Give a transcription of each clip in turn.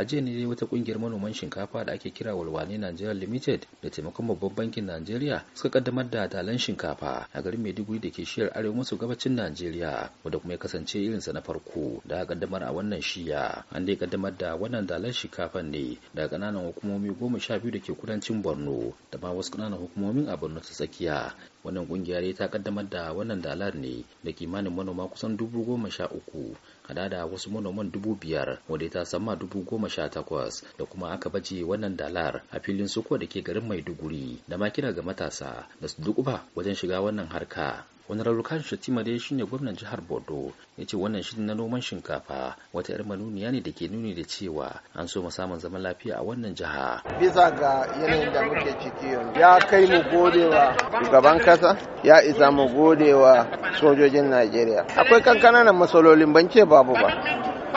a jiya ne wata kungiyar manoman shinkafa da ake kira walwale Nigeria Limited da taimakon babban bankin Najeriya suka kaddamar da dalan shinkafa a garin Maiduguri da ke shiyar arewa maso gabacin nigeria wanda kuma ya kasance irinsa na farko da aka kaddamar a wannan shiya an dai kaddamar da wannan dalan shinkafa ne daga kananan hukumomi goma sha biyu da ke kudancin Borno da ma wasu kananan hukumomin a Borno ta tsakiya wannan kungiya ta kaddamar da wannan dalar ne da kimanin manoma kusan dubu goma sha uku hada da wasu manoman dubu biyar wanda ta sama dubu goma sha takwas da kuma aka baje wannan dalar a filin suko da ke garin maiduguri da makina kira ga matasa da su duk ba wajen shiga wannan harka wani rarrukan tima dai shine gwamnan jihar bordo ya ce wannan shirin na noman shinkafa wata yar manuniya ne da ke nuni da cewa an so mu samun zaman lafiya a wannan jiha bisa ga yanayin da muke ciki yanzu ya kai mu godewa shugaban kasa ya isa mu godewa sojojin najeriya akwai kankananan masalolin ban ce babu ba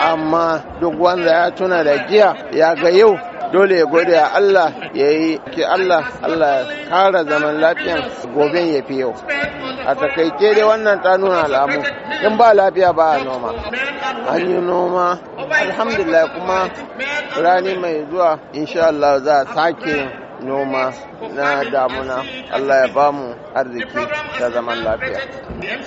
amma duk wanda ya tuna da jiya ya ga yau dole ya gode a Allah ya yi ke Allah Allah kara zaman lafiyan gobe ya fi yau a takaice dai wannan ta nuna alamu in ba lafiya ba a noma an yi noma alhamdulillah kuma rani mai zuwa insha Allah za a sake noma na damuna Allah ya bamu arziki ta zaman lafiya.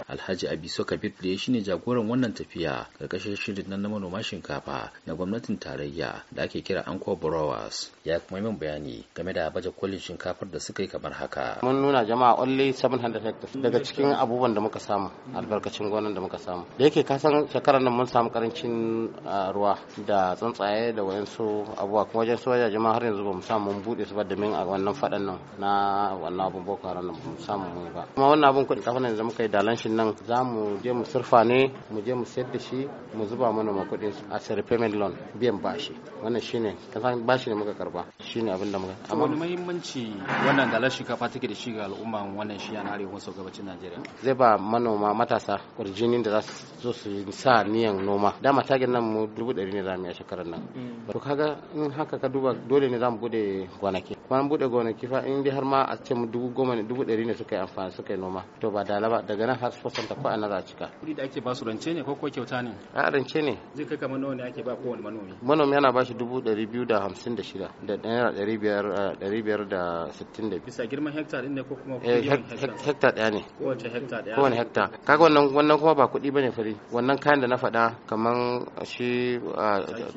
Alhaji Abiso Kabir da shi ne jagoran wannan tafiya karkashin shirin na manoma shinkafa na gwamnatin tarayya da ake kira Anko Brewers ya kuma min bayani game da baje kolin shinkafar da suka yi kamar haka. Mun nuna jama'a only 700 hectares daga cikin abubuwan da muka samu albarkacin gonan da muka samu. Da yake kasan shekarar nan mun samu karancin ruwa da tsuntsaye da wayansu abubuwa kuma wajen su wajen jama'a har yanzu ba mu samu mun bude su ba da domin a wannan faɗan nan na wannan abun boko haram nan mu samu mu ba kuma wannan abun kuɗin kafa nan da muka yi dalan shi nan za mu je mu surfa ne mu je mu sayar da shi mu zuba mana ma kuɗin su a sayar payment loan biyan bashi wannan shine kasan bashi ne muka karba shine abin da muka amma wani muhimmanci wannan dalan shinkafa take da shi ga al'umma wannan shi yana arewa maso gabacin Najeriya zai ba manoma matasa kurjinin da za su zo su sa niyan noma dama tagin nan mu dubu ɗari ne za mu yi a shekarar nan mm. to kaga in haka ka duba dole ne za mu bude kwanaki kuma an bude gonaki fa in dai har ma a ce mu dubu goma ne dubu ɗari ne suka yi amfani suka yi noma to ba dala ba daga nan har su fasanta ko a nazar cika kuɗi da ake ba su rance ne ko ko kyauta ne a rance ne zai kai kamar nawa ne ake ba kowane manomi manomi yana ba shi dubu ɗari biyu da hamsin da shida da naira ɗari biyar ɗari biyar da sittin da biyu bisa girman hekta ɗin ne ko kuma eh, hekta ɗaya ne kowace hekta ɗaya kowane hekta kaga wannan wannan kuma ba kuɗi ne fari wannan kayan da na faɗa kamar shi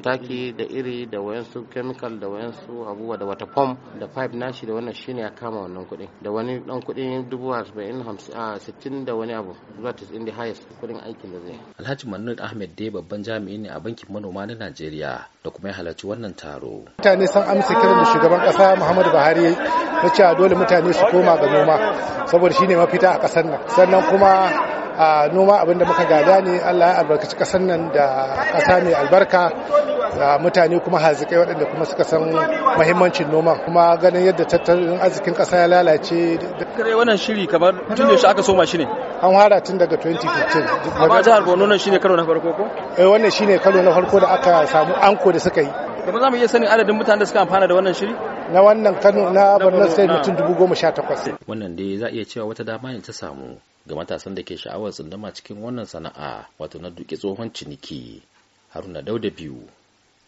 taki da iri da wayansu chemical da wayansu abubuwa da wata pom da 5 nashi da wannan shine ya kama wannan kuɗin da wani dan kuɗin dubu arba'in ah, sittin da wani abu zuwa tisin da highest kuɗin aikin da zai alhaji mannud ahmed dai babban jami'i ne a bankin manoma na najeriya da kuma ya halarci wannan taro mutane sun amsa kiran da shugaban kasa muhammadu buhari na cewa dole mutane su koma ga noma saboda shine mafita a ƙasar nan sannan kuma a ah, noma abinda muka gada ne Allah ya albarkaci kasar nan da ƙasa mai albarka mutane kuma hazikai waɗanda kuma suka san mahimmancin noma kuma ganin yadda tattalin arzikin ƙasa ya lalace. Kare wannan shiri kamar tun yaushe aka soma shi ne? An fara tun daga 2015. Amma jihar Borno nan shine karo na farko ko? Eh wannan shine karo na farko da aka samu anko da suka yi. Kamar za mu iya sanin adadin mutanen da suka amfana da wannan shiri? na wannan kano na borno sai mutum 2018 goma sha takwas wannan dai za iya cewa wata dama ne ta samu ga matasan da ke sha'awar tsundama cikin wannan sana'a wato na duke tsohon ciniki haruna dauda biyu